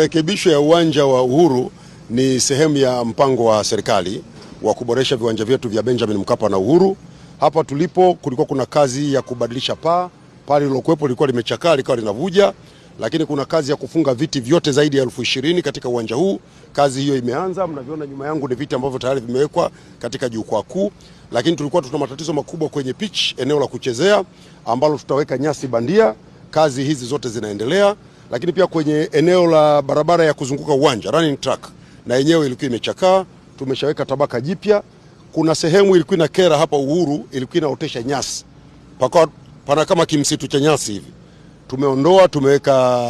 Rekebisho ya uwanja wa Uhuru ni sehemu ya mpango wa serikali wa kuboresha viwanja vyetu vya Benjamin Mkapa na Uhuru. Hapa tulipo kulikuwa kuna kazi ya kubadilisha paa, pale lilokuwepo lilikuwa limechakaa likawa linavuja, lakini kuna kazi ya kufunga viti vyote zaidi ya elfu ishirini katika uwanja huu. Kazi hiyo imeanza, mnavyoona nyuma yangu ni viti ambavyo tayari vimewekwa katika jukwaa kuu, lakini tulikuwa tuna matatizo makubwa kwenye pitch, eneo la kuchezea ambalo tutaweka nyasi bandia. Kazi hizi zote zinaendelea lakini pia kwenye eneo la barabara ya kuzunguka uwanja running track, na yenyewe ilikuwa imechakaa, tumeshaweka tabaka jipya. Kuna sehemu ilikuwa ina kera hapa Uhuru, ilikuwa inaotesha nyasi paka pana kama kimsitu cha nyasi hivi, tumeondoa tumeweka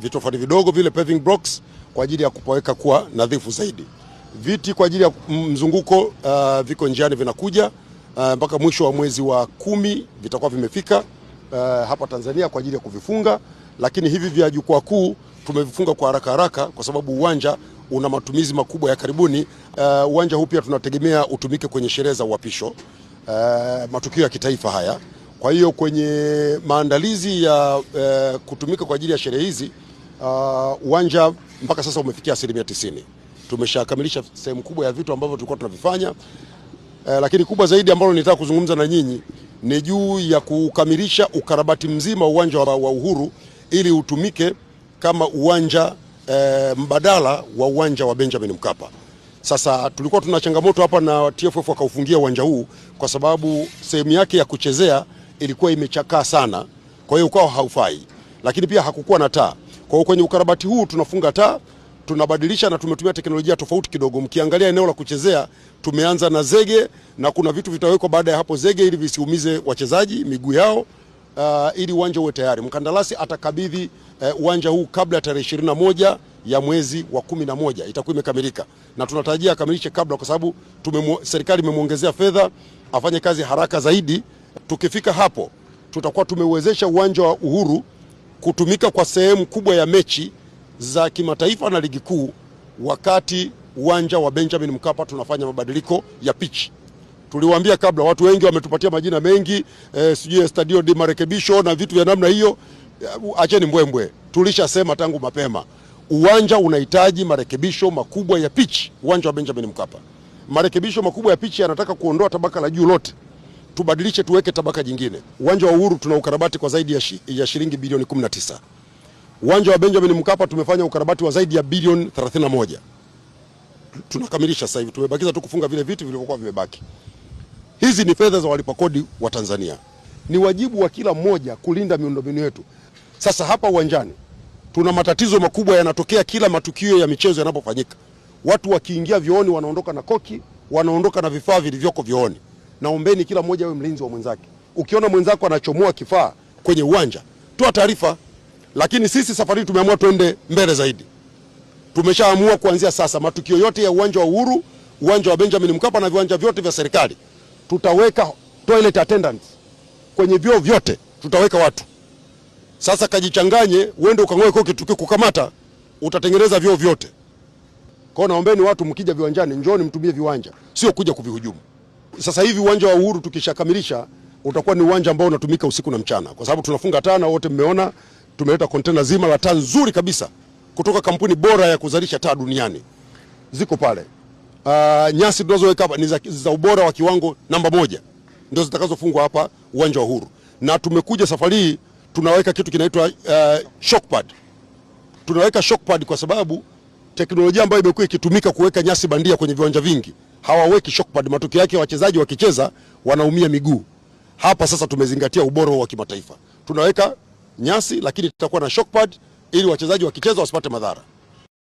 vitofali vidogo vile paving blocks kwa ajili ya kupaweka kuwa nadhifu zaidi. Viti kwa ajili ya mzunguko uh, viko njiani vinakuja uh, mpaka mwisho wa mwezi wa kumi vitakuwa vimefika uh, hapa Tanzania kwa ajili ya kuvifunga lakini hivi vya jukwaa kuu tumevifunga kwa haraka haraka kwa sababu uwanja una matumizi makubwa ya karibuni. Uh, uwanja huu pia tunategemea utumike kwenye sherehe za uapisho, uh, matukio ya kitaifa haya. Kwa hiyo kwenye maandalizi ya uh, kutumika kwa ajili ya sherehe hizi uh, uwanja mpaka sasa umefikia asilimia tisini. Tumeshakamilisha sehemu kubwa ya vitu ambavyo tulikuwa tunavifanya. Uh, lakini kubwa zaidi ambalo nitaka kuzungumza na nyinyi ni juu ya kukamilisha ukarabati mzima wa uwanja wa Uhuru ili utumike kama uwanja e, mbadala wa uwanja wa Benjamin Mkapa. Sasa tulikuwa tuna changamoto hapa na TFF wakaufungia uwanja huu kwa sababu sehemu yake ya kuchezea ilikuwa imechakaa sana, kwa hiyo ukawa haufai, lakini pia hakukuwa na taa. Kwa hiyo kwenye ukarabati huu tunafunga taa, tunabadilisha na tumetumia teknolojia tofauti kidogo. Mkiangalia eneo la kuchezea tumeanza na zege na kuna vitu vitawekwa baada ya hapo zege, ili visiumize wachezaji miguu yao uh, ili uwanja uwe tayari. Mkandarasi atakabidhi eh, uwanja uh, huu kabla ya tarehe 21 ya mwezi wa 11 itakuwa imekamilika, na tunatarajia akamilishe kabla, kwa sababu serikali imemwongezea fedha afanye kazi haraka zaidi. Tukifika hapo, tutakuwa tumewezesha uwanja wa Uhuru kutumika kwa sehemu kubwa ya mechi za kimataifa na ligi kuu, wakati uwanja wa Benjamin Mkapa tunafanya mabadiliko ya pichi tuliwaambia kabla, watu wengi wametupatia majina mengi e, sijui stadio di marekebisho na vitu vya namna hiyo. Acheni mbwembwe, tulishasema tangu mapema, uwanja unahitaji marekebisho makubwa ya pitch, Uwanja wa Benjamin Mkapa, marekebisho makubwa ya pitch yanataka kuondoa tabaka la juu lote, tubadilishe tuweke tabaka jingine. Uwanja wa Uhuru tuna ukarabati kwa zaidi ya, shi, ya shilingi bilioni 19. Uwanja wa Benjamin Mkapa tumefanya ukarabati wa zaidi ya bilioni 31, tunakamilisha sasa hivi, tumebakiza tu kufunga vile vitu vilivyokuwa vimebaki. Hizi ni fedha za walipa kodi wa Tanzania. Ni wajibu wa kila mmoja kulinda miundombinu yetu. Sasa hapa uwanjani tuna matatizo makubwa yanatokea kila matukio ya michezo yanapofanyika. Watu wakiingia vyooni wanaondoka na koki, wanaondoka na vifaa vilivyoko vyooni. Naombeni kila mmoja awe mlinzi wa mwenzake. Ukiona mwenzako anachomoa kifaa kwenye uwanja, toa taarifa. Lakini sisi safari tumeamua twende mbele zaidi. Tumeshaamua kuanzia sasa matukio yote ya uwanja wa Uhuru, uwanja wa Benjamin Mkapa na viwanja vyote vya serikali tutaweka toilet attendants kwenye vyoo vyote, tutaweka watu. Sasa kajichanganye, uende ukang'oe koki, tukikukamata utatengeneza vyoo vyote. Kwao naombeni watu mkija viwanjani, njooni mtumie viwanja, sio kuja kuvihujumu. Sasa hivi uwanja wa Uhuru tukishakamilisha utakuwa ni uwanja ambao unatumika usiku na mchana, kwa sababu tunafunga taa, na wote mmeona tumeleta kontena zima la taa nzuri kabisa kutoka kampuni bora ya kuzalisha taa duniani, ziko pale uh, nyasi tunazoweka hapa ni za, za ubora wa kiwango namba moja ndio zitakazofungwa hapa uwanja wa Uhuru, na tumekuja safari hii tunaweka kitu kinaitwa uh, shock pad. Tunaweka shock pad kwa sababu teknolojia ambayo imekuwa ikitumika kuweka nyasi bandia kwenye viwanja vingi hawaweki shock pad, matokeo yake wachezaji wakicheza wanaumia miguu. Hapa sasa tumezingatia ubora wa kimataifa, tunaweka nyasi lakini tutakuwa na shock pad ili wachezaji wakicheza wasipate madhara.